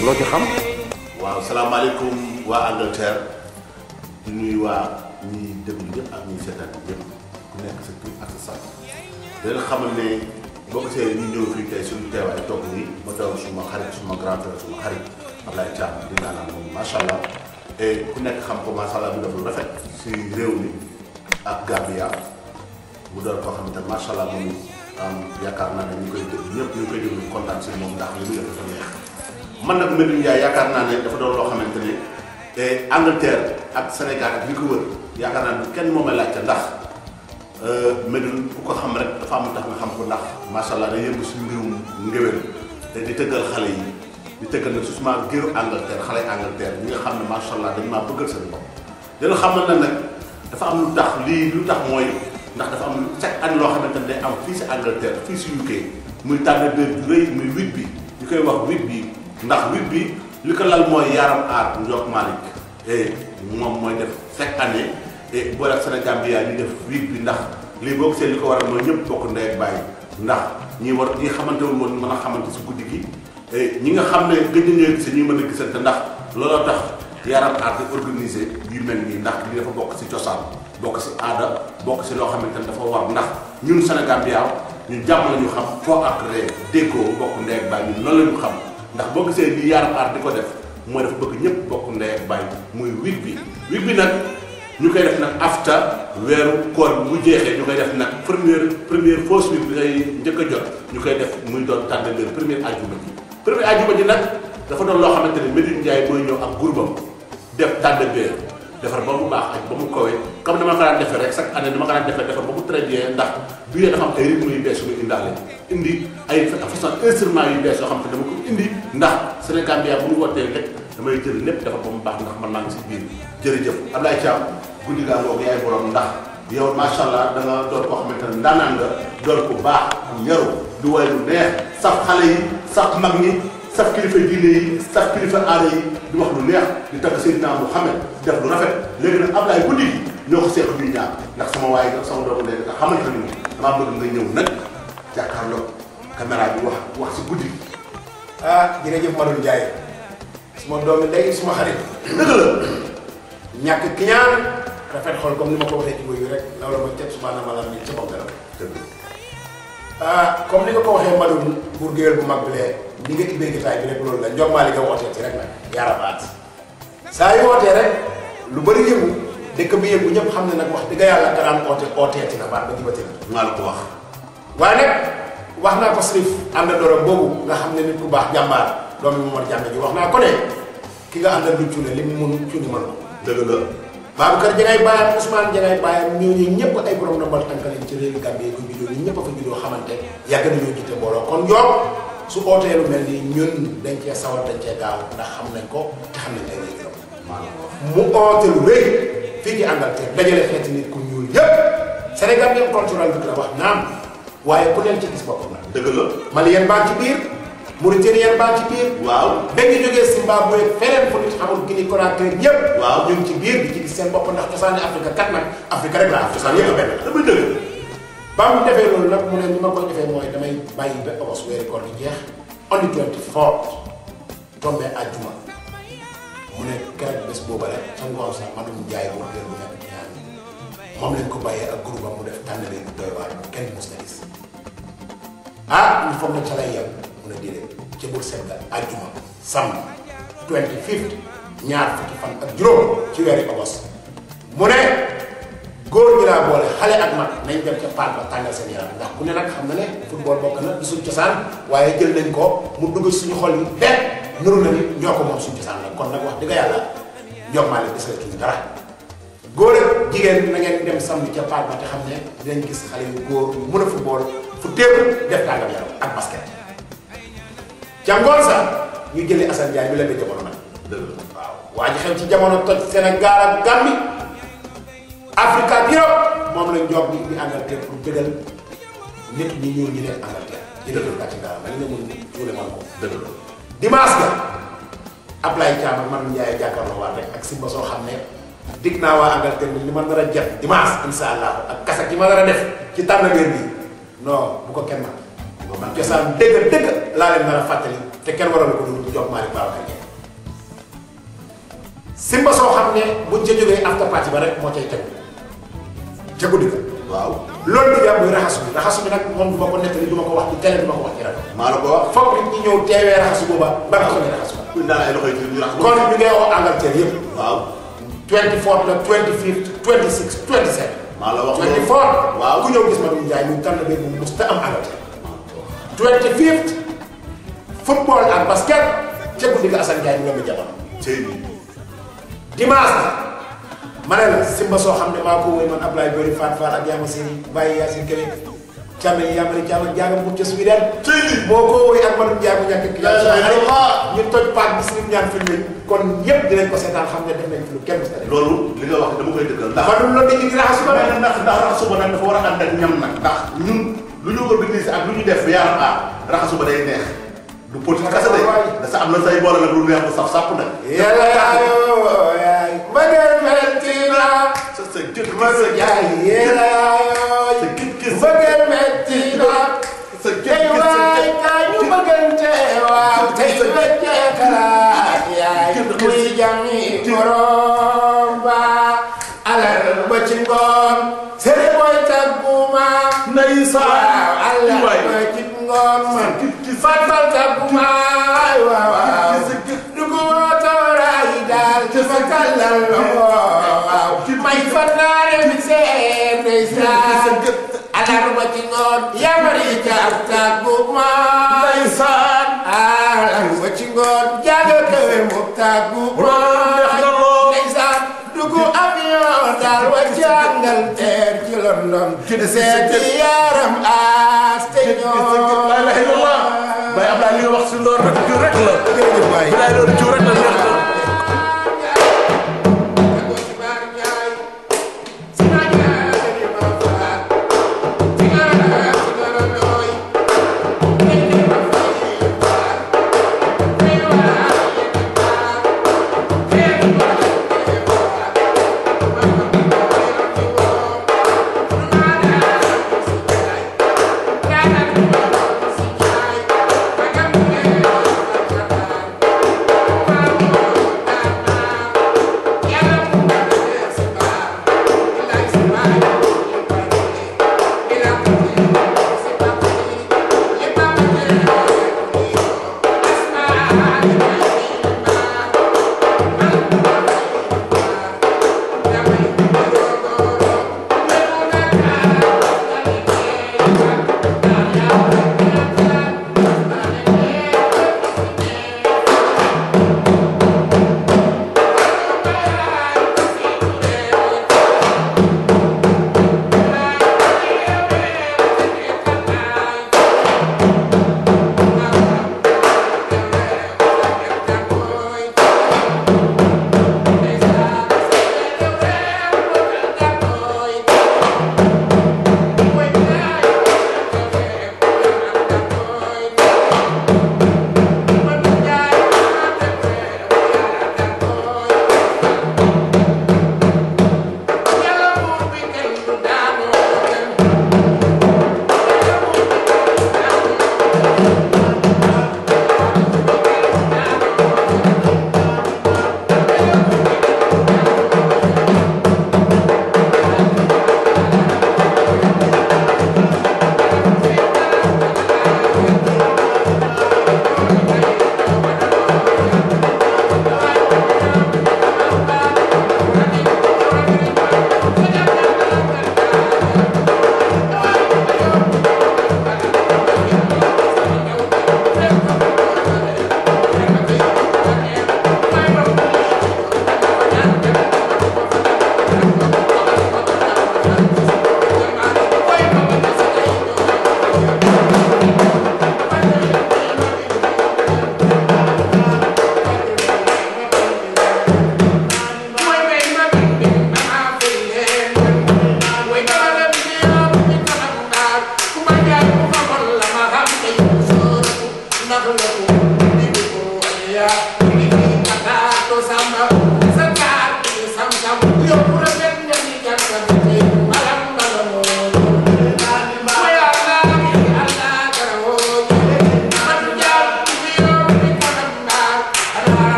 nag loo xam. waaw salaamaaleykum waa Angleterre di nuyu waa ñuy déglu ñëpp ak ñuy seetaan ñëpp ku nekk sa tur ak sa sant dinañ xamal ne boo ko seetee ñu ñëw fii tey suñu teewaay toog nii ma teewal suma xarit suma grand frère suma xarit Ablaye Thiam di naanaan moom macha allah ku nekk xam ko macha allah mu def lu rafet si réew mi ak Gambia mu doon koo xam ne macha allah moom yaakaar naa ne ñu koy déglu ñëpp kontaan si moom ndax mu def dafa neex. man nag Medou Ndiaye yaakaar naa ne dafa doon loo xamante ne Angleterre ak Sénégal ak ko wër yaakaar naa ne kenn moo may laajte ndax euh, Medou ku ko xam rek dafa am tax xam ko ndax macha allah day yëngu suñu mbirum ngéwél te di tëggal xale yi di tëggal nag su ma géeru Angleterre xale Angleterre ñi nga xam ne macha allah dañ maa bëggal seen bopp. dina xamal na nag dafa am lu tax lii lu tax mooy ndax dafa am chaque année loo xamante ne day am fii si Angleterre fii si UK muy tànn de rëy muy huit bi ñu koy wax huit bi. ndax huit bi li ko lal mooy Yaram Aar Ndiob Malick et moom mooy def chaque année et boole ak Sénégambia ñu def huit bi ndax lii boo gisee li ko waral mooy ñëpp bokk ndey ak baay ndax ñi war ñi xamante wul woon mën a xamante si guddi gi ñi nga xam ne gëj nañoo gis ñuy mën a gisante ndax looloo tax Yaram Aar di organiser yu mel nii ndax li dafa bokk si cosaan bokk si aada bokk si loo xamante ne dafa war ndax ñun Sénégambia ñu jàmm la ñu xam foo ak ree déggoo bokk ndey ak baay loolu la ñu xam. ndax boo gisee li yaar aar di ko def mooy dafa bëgg ñëpp bokk ndey ak bàyyi muy wig bi wig bi nag ñu koy def nag afta weeru koor mu jeexee ñu koy def nag première première fausse wig bi ngay njëkk jot ñu koy def muy doon tànn leen première ajuma ji première ajuma ji nag dafa doon loo xamante ne Medine Ndiaye mooy ñëw ak gurbam def tànn defar ba mu baax ak ba mu kawe comme dama ko daan defee rek chaque année dama ko daan defee defar ba mu très ndax bu dee dafa yu bees yu xam te dama ko indi ndax Sénégal bi yaa bu ñu wootee rek damay jël lépp defar ba mu baax ndax man maa ngi si biir jërëjëf Abdoulaye Thiam guddi gaa boobu yaay borom ndax yow macha allah da door doon koo xamante ne ndaanaan nga doon ku baax yaru du way lu neex sax xale yi sax mag ñi sax kilifa diine yi sax kilifa aada yi di wax lu neex di tagg Seydina Muhammad def lu rafet léegi nag Ablaye guddi gi ñoo ko seex ñaar ndax sama waay ak sama doomu ndey nga xamante ne nii damaa bëgg nga ñëw nag jàkkaarloo caméra bi wax wax si guddi gi. ah jërëjëf Madou Ndiaye suma doomi ndey suma xarit. dëgg la ñàkk ki ñaan rafet xol comme ni ma ko waxee ci mbir mi rek loolu mooy teg subaa na ma la nit ca bopp dara. ah comme ni nga ko waxee madum buur géwél bu mag bi lee ni nga tibbee gitaay bi rek loolu la njommaa li nga wootee ci rek nag yaarabaat saa yu wootee rek lu bari yëngu dëkk bi yëngu ñëpp xam ne nag wax dëgg yàlla nga daan oote ooteeti na baat ba jibati na maa la ko wax waaye nag wax naa ko sirif ànda dooram boobu nga xam ne nit ku baax jàmbaar doomi Momar Jàmme ji wax naa ko ne ki nga àndal du cuune li mu mun cuune man ko dëgg Babacar Diagne bàyyam Ousmane Diagne bàyyam ñooñu ñëpp ay borom ndombal tànk lañ ci réewu Gambie te ko juddoo ñun ñëpp ko juddoo xamante yàgg nañoo mbooloo kon yoon su ootee lu mel nii ñun dañ cee sawar dañ cee gaaw ndax xam nañ ko te xam nañ dañ mu oote lu rëy fii ci Angleterre dajale xeet nit ku ñuul yëpp Sénégal yëpp cultural bi la wax naam waaye ku leen ci gis boppam la. dëgg la Malien baa ci biir. Mauritanie baa ci biir. waaw ba ñu jógee Zimbabwe feneen fu nit xamul Guinée Conakry ñëpp. waaw ñu ci biir di seen bopp ndax cosaani Afrique kat nag Afrique rek la cosaan yëpp a benn la. dama nag mu ne ni ma mooy damay bàyyi ba avance weeri koor gi jeex on the twenty fourth tombé àjjuma mu ne keroog bés boobu rek ca ngoon sax ma doon jaay wala moom lañ ko bàyyee ak groupe am mu def tànn leen doy waar kenn mos ah ñu foog na ca yem. nga jëlee ci bul sedda àjjuma sàmm 25 ñaar fukki fan ak juróom ci weeri agos mu ne góor ñi laa boole xale ak mag nañ dem ca paat ba tàngal seen yaram ndax ku ne nag xam na ne football bokk na du suñ cosaan waaye jël nañ ko mu dugg suñu xol yi benn nuru na nit ñoo ko moom suñ cosaan la kon nag wax dëgg yàlla ñoom maa leen gisal dara góor jigéen na ngeen dem samedi ca paat ba te xam ne dinañ gis xale yu góor yu mën a football fu téew def tàngal yaram ca ngoon sax ñu jëlee Assane Ndiaye bi la jamono nag. waaw waa ji xew ci jamono toj Sénégal ak Gambie Afrique ak Europe moom la njoog bi indi Angleterre pour bëggal nit ñi ñëw ñu ne Angleterre. dëgg la la dimanche ga Ablaye man Ndiaye jàkkaarloo waat rek ak Simba soo xam ne dig naa waa Angleterre ni li ma nar a jëf dimanche ak kasa gi ma nar a def ci tànn weer bi non bu ko kenn man. cosaan dëgg dëgg. laa leen mën a fàttali te kenn waral ko dul jox Malick Babacar Diagne Simba soo xam ne buñ ca jógee after party ba rek moo cay tegu ca guddi ga waaw loolu di jàpp muy raxasu bi raxasu bi nag moom du ma ko nettali du ma ko wax ci télé du ma ko wax ci rajo. raxasu booba ba raxasu bi raxasu ba. buñ ay loxo yi ñu raxas. kon ñu ngi woo Angleterre yëpp. waaw 24 la 25 26 27. maa la wax loolu 24. waaw ku ñëw gis ma ñu jaay football ak basket ca guddi ga Assane Ndiaye ñoom jabar dimanche ma ne la simba soo xam ne maa ko wéy man Ablaye Bori Fat Fat ak Yaama Seyni Baye Yacine Kébé Thiamé Yamari Thiamé Diagam bu ca Sweden boo ko wéy ak Madou Ndiaye mu ñàkk ki ñu toj paak bis ñu ñaan filmé kon ñëpp dinañ ko seetaan xam ne def nañ fi lu kenn loolu li nga wax dama koy dëggal ndax man loolu dañuy raxas nag dafa war a ànd ñam nag ndax ñun lu ñu organisé ak lu ñu def yaram aar raxas suba neex du politique kese de sa am na say boole nag lu neex bu saf sàpp nag. yàlla yaayoo yaay. ma dem metti na. sa sa sa gët gis sa gët gis waay kaay ñu bëggante waaw tey ma jeexalaat yaay. muy jàmmi borom ba alal ba ci ngoon. sëriñ booy tàgguma. ndeysaan. ngoon ma fàttal tàpp ma ay waaw waaw du ko tooraay daal dafa tàllal loxo waaw may fannaare mi seen ndeysaan alarba ci ngoon yamari jaar tàpp ma ndeysaan alarba ci ngoon jaaga kawe mu tàpp ma ndeysaan du ko avion daal wa jàngal london seeti yaram aas te ñoo lay la bay Ablaye li nga wax si ndoor rek jur rek la jërëjëf waay bi lay loolu jur rek la neex